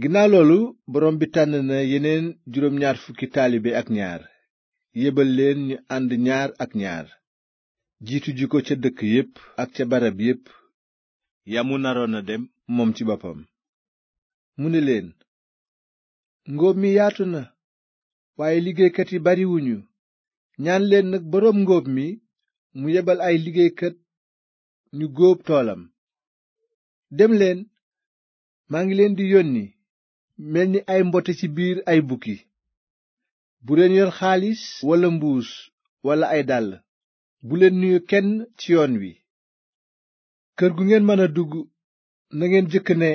ginnaaw loolu borom bi tànn na yeneen juróom ñaar fukki taalibe ak ñaar yebal leen ñu ànd ñaar ak ñaar jiitu ji ko ca dëkk yépp ak ca barab yépp yamu naroon a dem moom ci boppam mu ni leen ngóob mi yaatu na waaye liggéeykat yi bariwuñu ñaan leen nag boroom ngóob mi mu yebal ay liggéeykat ñu góob toolam dem leen maa ngi leen di yónni mel ni ay mbote ci biir ay bukki bu leen yor xaalis walla mbuus walla ay dàll bu leen nuyu kenn ci yoon wi kër gu ngeen mën a dugg na ngeen jëkk ne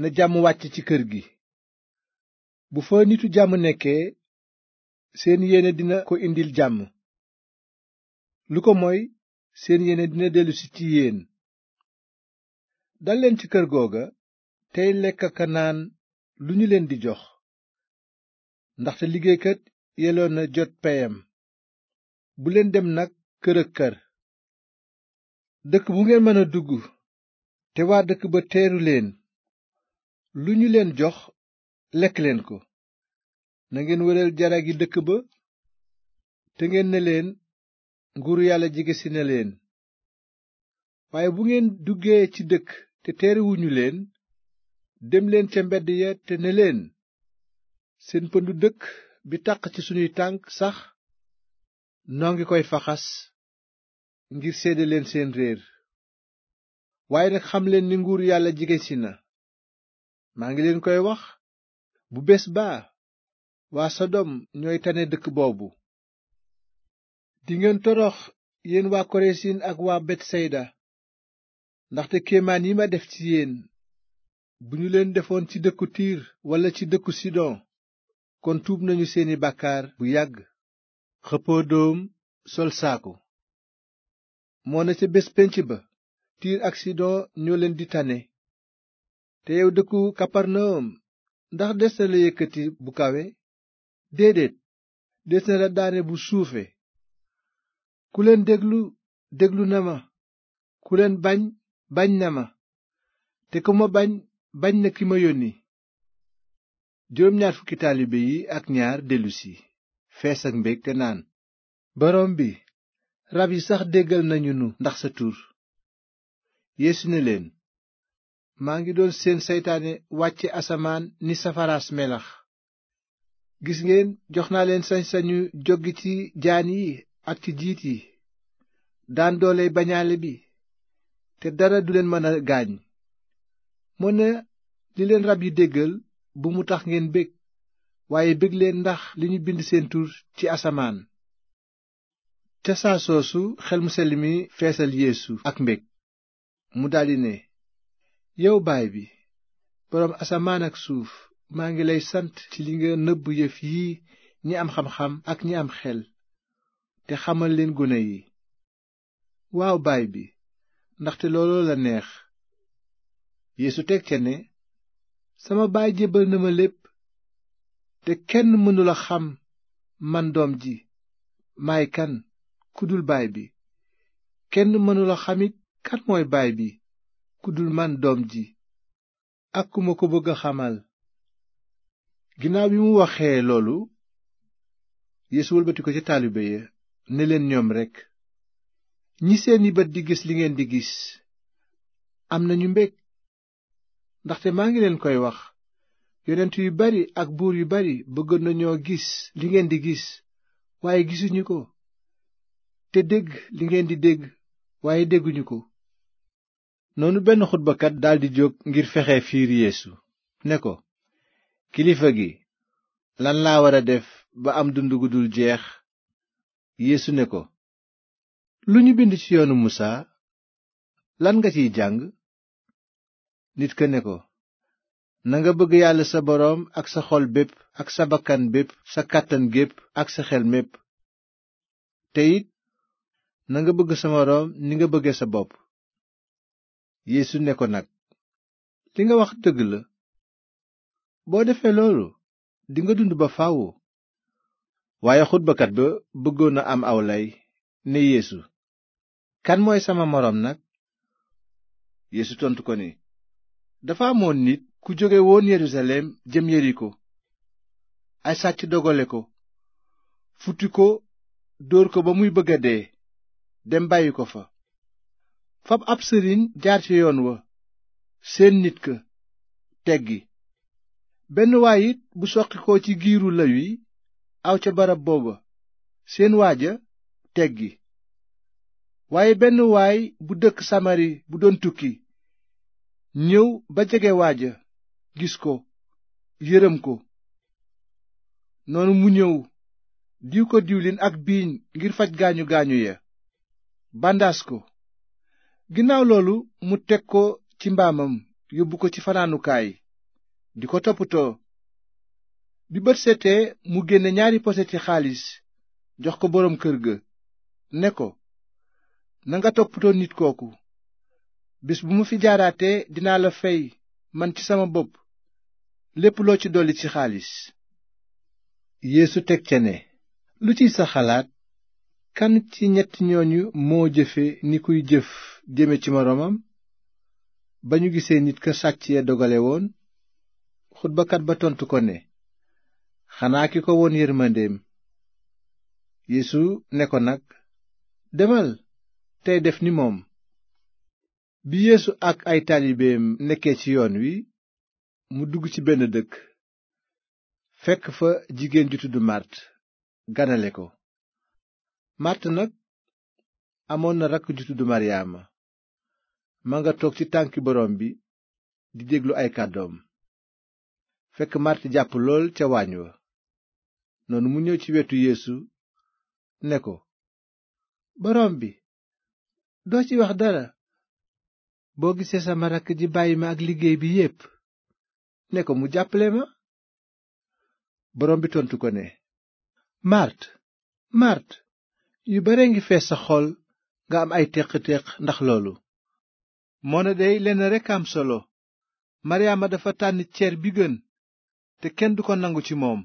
na jàmm wàcc ci kër gi bu fa nitu jàmm nekkee seen yéene dina ko indil jàmm lu ko moy seen yéene dina dellusi ci yéen ci kër googa tey lekk naan lu ñu leen di jox ndaxte liggéeykat yelloo na jot peyam bu leen dem nag kër ak kër dëkk bu ngeen mën a dugg te waa dëkk ba teeru leen lu ñu leen jox lekk leen ko na ngeen wëral jarag yi dëkk ba te ngeen ne leen nguuru yàlla jege ci ne leen waaye bu ngeen duggee ci dëkk te teeruwuñu leen demleen ca mbedd ya te ne leen seen pëndu dëkk bi taq ci sunuy tànk sax noo ngi koy faxas ngir seede leen seen réer waaye nag xamleen leen ni nguur yàlla jege si na maa ngi leen koy wax bu bés ba waa sodom ñooy tane dëkk boobu di ngeen torox yéen waa koresin ak waa betsayda ndaxte kéemaan yi ma def ci yéen bu ñu leen defoon ci dëkku tiir walla ci dëkku sidon kon tuub nañu seeni bàkkaar bu yàgg xëppoo doom sol saaku moo na ca bés pénc ba tiir ak sidon ñoo leen di tane te yow dëkku kaparnawum ndax des na la yëkkati bu kawe déedéet des na la daane bu suufe ku leen déglu déglu na ma ku leen bañ bañ na ma te ku ma bañ bañ na ki ma yónni juróom ñaar fukki taalibe yi ak ñaar dellusi fees ak mbég te naan boroom bi rab yi sax déggal nañu nu ndax sa tur yeesu ne leen maa ngi doon seen seytaane wàcce asamaan ni safaraas melax gis ngeen jox naa leen sañ-sañu joggi ci jaan yi ak ci jiit yi daan doole bañaale bi te dara du leen mën a gaañ mu ne rab yi déggal bu mu tax ngeen bég waaye leen ndax li ñu bind seen ci asamaan ca saa soosu xel mu sell feesal yeesu ak mbég mu daldi ne yow baay bi boroom asamaan ak suuf maa ngi lay sant ci li nga nëbb yëf yi ñi am xam-xam ak ñi am xel te xamal leen gone yi waaw baay bi ndaxte looloo la neex Yeesu teg ca ne sama baay jébbal na ma lépp te kenn mënula xam man doom ji maay ku dul baay bi kenn mënula xamit kan mooy baay bi ku dul man doom ji ak ku ma ko bëgg a xamal ginnaaw bi mu waxee loolu Yeesu wëlbati ko ca taalibe ya ne leen ñoom rekk ñi seeni bët di gis li ngeen di gis am na ñu mbég ndaxte maa ngi leen koy wax yonent yu bari ak buur yu bari bëggoon nañoo gis li ngeen di gis waaye gisuñu ko te dégg li ngeen di dégg waaye dégguñu ko noonu benn xutbakat daldi jóg ngir fexe fiir yeesu ne ko kilifa gi lan laa wara def ba am dund gu jeex yéesu ne ko lu ñu bind ci yoonu musaa lan nga ciy jàng nit ka ne ko nanga bëgg yàlla sa boroom ak sa xol bépp ak sa bakkan bépp sa kàttan gépp ak sa xel mépp te it nanga bëgg sa moroom ni nga bëgge sa bopp yéesu ne ko nag li nga wax dëgg la boo defee loolu dinga dund ba fàww waaye xutbakat ba bëggoon na am aw lay ne yéesu kan mooy sama moroom nag yéesu tontu ko ni dafa amoon nit ku jóge woon yerusalem jëm yeriko ay sàcc dogale ko futti ko dóor ko ba muy bëgg a dee dem bàyyi ko fa fab ab sëriñ jaar ci yoon wa seen nit ka teggi benn waay it bu soqi ko ci giiru la wi aw ca barab booba seen waa waaja teggi waaye benn waay bu dëkk samari bu doon tukki ñëw ba jege waaja gis ko yërëm ko noonu mu ñëw diw ko diwlin ak biiñ ngir faj gaañu gaañu ya bandaas ko ginnaaw loolu mu teg ko ci mbaamam yóbbu ko ci fanaanukaay di ko toppatoo bi bët setee mu génne ñaari ci xaalis jox ko boroom kër ga ne ko nanga toppatoo nit kooku bis bu ma fi jaaraatee dinaa la fay man ci sama bopp lépp loo ci dolli ci xaalis yéesu teg ca ne lu ciy sa xalaat kan ci ñetti ñooñu moo jëfe ni kuy jëf jëme ci moroomam ba ñu gisee nit ka sàcc ya dogale woon xutbakat ba tontu ko ne xanaa ki ko woon yërmandeem yéesu ne ko nag demal tey def ni moom bi yéesu ak ay taalibeem nekkee ci yoon wi mu dugg ci benn dëkk fekk fa jigéen ju tudd màrt ganale ko màrt nag amoon na rakk ju tudd maryaama ma nga toog ci tànki boroom bi di déglu ay kàddoom fekk màrt jàpp lool ca waañ wa noonu mu ñëw ci wetu yéesu ne ko boroom bi doo ci wax dara boo gisee sama rakk ji bàyyi ma ak liggéey bi yépp ne ko mu jàppale ma borom bi tontu ko ne màrt màrt yu bare ngi fees sa xol nga am ay téq-téq ndax loolu moo moona dey lenn rekk am solo maryaama dafa tànn cer bi gën te kenn du ko nangu ci moom